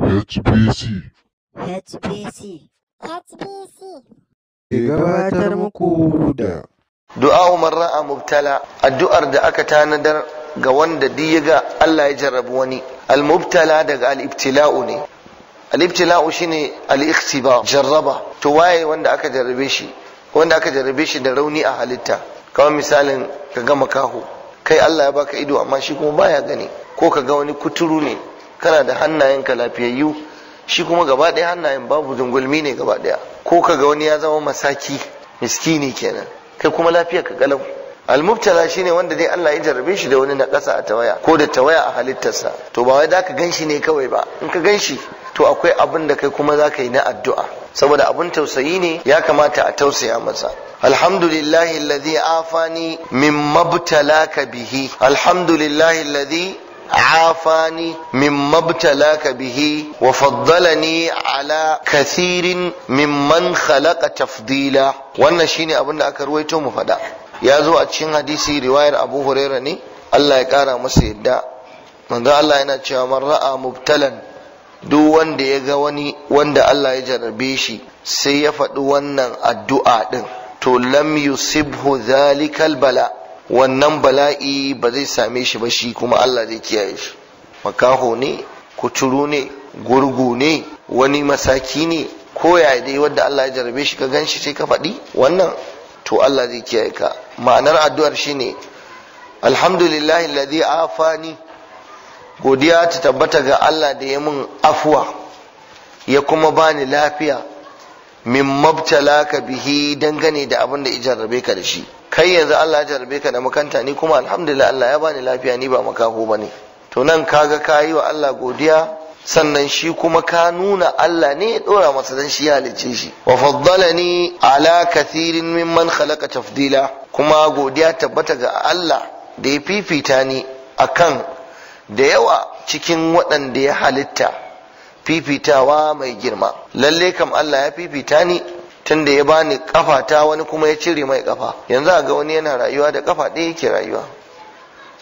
HBC. HBC. HBC. gabatar muku da du'a umar ra'a mubtala addu'ar da aka tanadar ga wanda diga Allah ya jarrabu wani al-mubtala daga al-ibtila'u ne al-ibtila'u shine al ba jarraba to waye wanda aka jarrabe shi wanda aka jarrabe shi da rauni a halitta kamar misalin ka gama kahu kai Allah ya baka ido amma shi kuma baya gani ko ka ga wani kuturu ne kana da hannayen ka lafiyayyu shi kuma gaba ɗaya hannayen babu zungulmi ne gaba ɗaya ko ka ga wani ya zama masaki miskini kenan kai kuma lafiya ka kalau almubtala shine wanda dai Allah ya jarrabe shi da wani na ƙasa a tawaya ko da tawaya a halittarsa to ba wai da ka ganshi ne kawai ba in ka ganshi to akwai abin da kai kuma za ka yi na addu'a saboda abin tausayi ne ya kamata a tausaya masa alhamdulillahi alladhi afani min mabtalaka bihi alhamdulillahi alladhi عافاني مما ابتلاك به وفضلني على كثير ممن خلق تفضيلا wannan shine abin da aka ruwaito mu faɗa ya zo a cikin hadisi riwayar abu huraira ne Allah ya ƙara masa yadda manzo Allah yana cewa man ra'a mubtalan duk wanda ya ga wani wanda Allah ya jarrabe shi sai ya faɗi wannan addu'a din to lam yusibhu zalikal bala wannan bala'i ba zai same shi ba shi kuma Allah zai kiyaye shi makaho ne kuturu ne gurgu ne wani masaki ne ko ya dai wanda Allah ya jarabe shi ka ganshi sai ka faɗi wannan to Allah zai kiyaye ka ma'anar addu'ar shine alhamdulillahi alladhi afani godiya ta tabbata ga Allah da ya mun afuwa ya kuma bani lafiya min ka bihi dangane da abin da ijarrabe ka da shi kai yanzu Allah ya jarabe ka da makanta ni kuma alhamdulillah Allah ya bani lafiya ni ba makaho bane to nan kaga ka wa Allah godiya sannan shi kuma ka nuna Allah ne ya dora masa dan shi ya halicce shi wa faddalani ala kathirin mimman khalaqa tafdila kuma godiya tabbata ga Allah da ya fifita ni akan da yawa cikin waɗanda ya halitta fifitawa mai girma lalle kam Allah ya fifita ni tunda ya bani kafa ta wani kuma ya cire mai kafa yanzu a ga wani yana rayuwa da kafa ɗaya yake rayuwa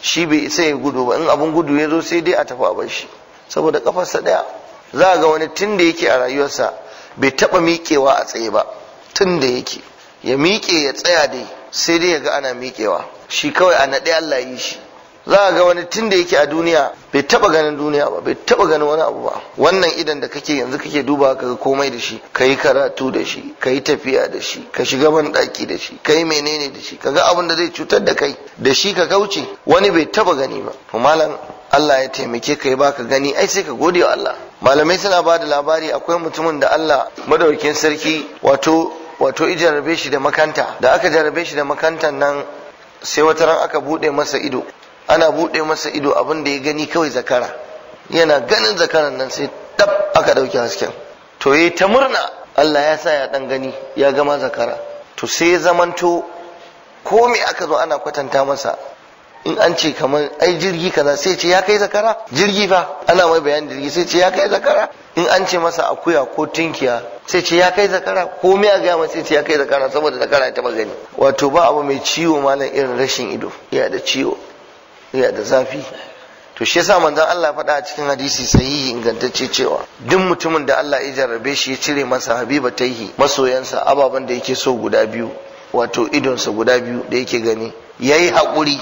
shi bai isa ya gudu ba in abun gudu ya zo sai dai a tafi a shi saboda kafarsa ɗaya za a ga wani tunda yake a rayuwarsa bai taba miƙewa a tsaye ba tunda yake ya miƙe ya tsaya dai sai dai ya ga ana miƙewa shi kawai a naɗe Allah yi shi za ga wani tun da yake a duniya bai taba ganin duniya ba bai taba ganin wani abu ba wannan idan da kake yanzu kake duba ka ga komai da shi ka karatu da shi ka tafiya da shi ka shiga ban daki da shi ka menene da shi ka ga abin da zai cutar da kai da shi ka kauce wani bai taba gani ba to malam Allah ya taimake ka ba baka gani ai sai ka gode wa Allah malamai suna ba da labari akwai mutumin da Allah madaukakin sarki wato wato jarabe shi da makanta da aka jarabe shi da makantan nan sai wata ran aka bude masa ido ana buɗe masa ido abin da ya gani kawai zakara yana ganin zakaran nan sai dab aka ɗauki hasken to yayi ta murna Allah ya sa ya dan gani ya gama zakara to sai zamanto ko me aka zo ana kwatanta masa in an ce kamar ai jirgi kaza sai ce ya kai zakara jirgi fa ana mai bayan jirgi sai ce ya kai zakara in an ce masa akuya ko tinkiya sai ce ya kai zakara ko me a gaya masa sai ce ya kai zakara saboda zakara ta taba gani wato ba abu mai ciwo malam irin rashin ido ya da ciwo ya da zafi to shi yasa manzon Allah faɗa a cikin hadisi sahihi ingantacce cewa duk mutumin da Allah ya jarrabe shi ya cire masa habiba taihi masoyansa ababen da yake so guda biyu wato idonsa guda biyu da yake gani yayi hakuri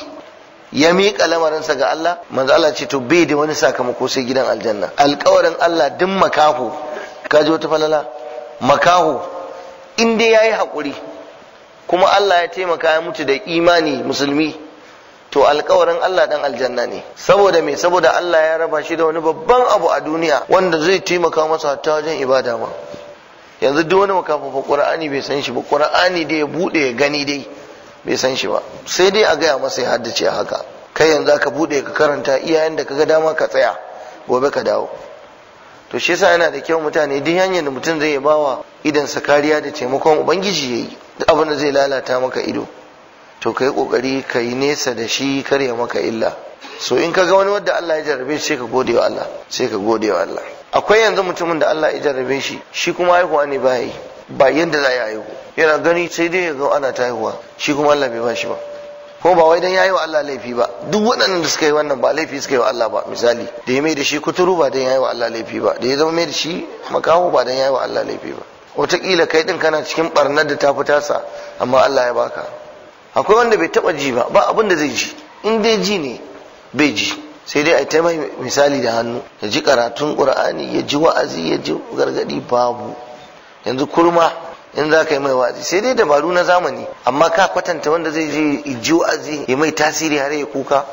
ya miƙa lamarinsa ga Allah manzo Allah ce to bai da wani sakamako sai gidan aljanna alƙawarin Allah duk makaho ji wata falala makaho in dai yayi hakuri, kuma Allah ya taimaka ya mutu da imani musulmi to alkawarin Allah dan aljanna ne saboda me saboda Allah ya raba shi da wani babban abu a duniya wanda zai taimaka masa ta wajen ibada ma yanzu duk wani makafafa qur'ani bai san shi ba qur'ani da ya bude ya gani dai bai san shi ba sai dai a gaya masa ya haddace haka kai yanzu ka bude ka karanta iyayen da kaga dama ka tsaya gobe ka dawo to shi yasa yana da kyau mutane duk hanyar da mutum zai bawa idan sa kariya da taimakon ubangiji yayi abin da zai lalata maka ido to kai kokari ka yi nesa da shi kar ya maka illa so in ka ga wani wanda Allah ya jarrabe shi sai ka gode wa Allah sai ka gode wa Allah akwai yanzu mutumin da Allah ya jarrabe shi shi kuma haihuwa ne ba yi ba yanda za ya haihu yana gani sai dai ya ga ana ta haihuwa shi kuma Allah bai ba shi ba ko ba wai dan yayi wa Allah laifi ba duk waɗannan da suka yi wannan ba laifi suka yi wa Allah ba misali da ya mai da shi kuturu ba dan yayi wa Allah laifi ba da ya zama mai da shi makaho ba dan yayi wa Allah laifi ba wataƙila kai din kana cikin barnar da ta fi tasa amma Allah ya baka akwai wanda bai taba ji ba ba abin da zai ji in dai ji ne bai ji sai dai a ta mai misali da hannu ya ji karatun qur'ani ya ji wa'azi ya ji gargadi babu yanzu kurma in za ka yi mai wa'azi sai dai dabaru na zamani amma ka kwatanta wanda zai je ji wa'azi ya mai tasiri har ya kuka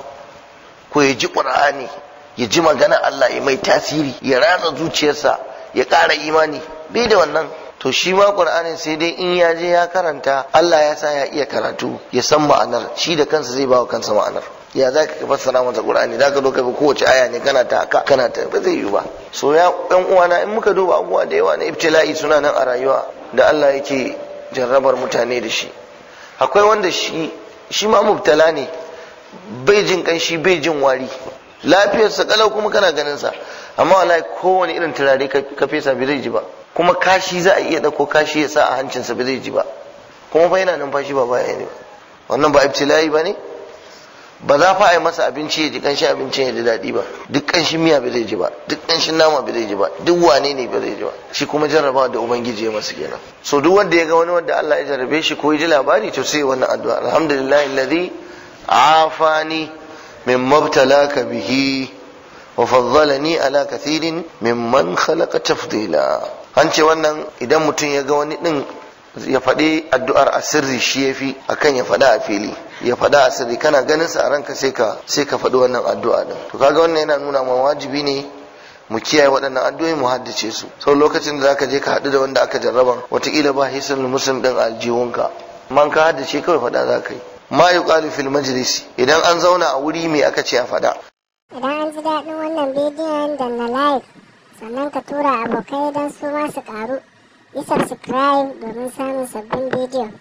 ko ya ji qur'ani ya ji magana Allah ya mai tasiri ya ratsa zuciyarsa ya ƙara imani bai da wannan to shi ma qur'anin sai dai in ya je ya karanta Allah ya sa ya iya karatu ya san ma'anar shi da kansa zai bawa kansa ma'anar ya za ka fassara masa qur'ani za ka zo kowace aya ne kana ta kana ta ba zai yiwu ba so ya uwana in muka duba abubuwa da yawa na iftila'i suna nan a rayuwa da Allah yake jarrabar mutane da shi akwai wanda shi shi ma mubtala ne bai jin kanshi bai jin wari lafiyarsa kalau kuma kana ganin sa amma wallahi kowane irin turare ka fesa bai zai ji ba kuma kashi za a iya ɗauko kashi ya sa a hancinsa bai zai ji ba kuma fa yana numfashi ba baya ne wannan ba ibtila'i ba ne ba za fa a yi masa abinci ya ji kanshi abinci ya ji daɗi ba duk shi miya bai zai ji ba duk shi nama bai zai ji ba duk wane ne bai zai ji ba shi kuma jarrabawa da ubangiji ya masa kenan so duk wanda ya ga wani wanda Allah ya jarrabe shi ko ya ji labari to sai wannan addu'a alhamdulillahi alladhi afani min mabtalaka bihi wa ni ala kathirin mimman khalaqa tafdila an ce wannan idan mutum ya ga wani din ya faɗi addu'ar asirri shi ya fi akan ya faɗa a fili ya faɗa sirri kana ganin sa a ranka sai ka sai ka faɗi wannan addu'a din to kaga wannan yana nuna ma wajibi ne mu kiyaye waɗannan addu'o'i mu haddace su sau lokacin da zaka je ka haɗu da wanda aka jarraba, wataƙila ba hisan muslim din aljihunka man ka haddace kawai faɗa za ka yi ma yuqalu fil majlis idan an zauna a wuri me aka ce a faɗa Idan an ji daɗin wannan bidiyon na like sannan ka tura abokai don su ma su ƙaru. Yi subscribe domin samun sabbin bidiyo.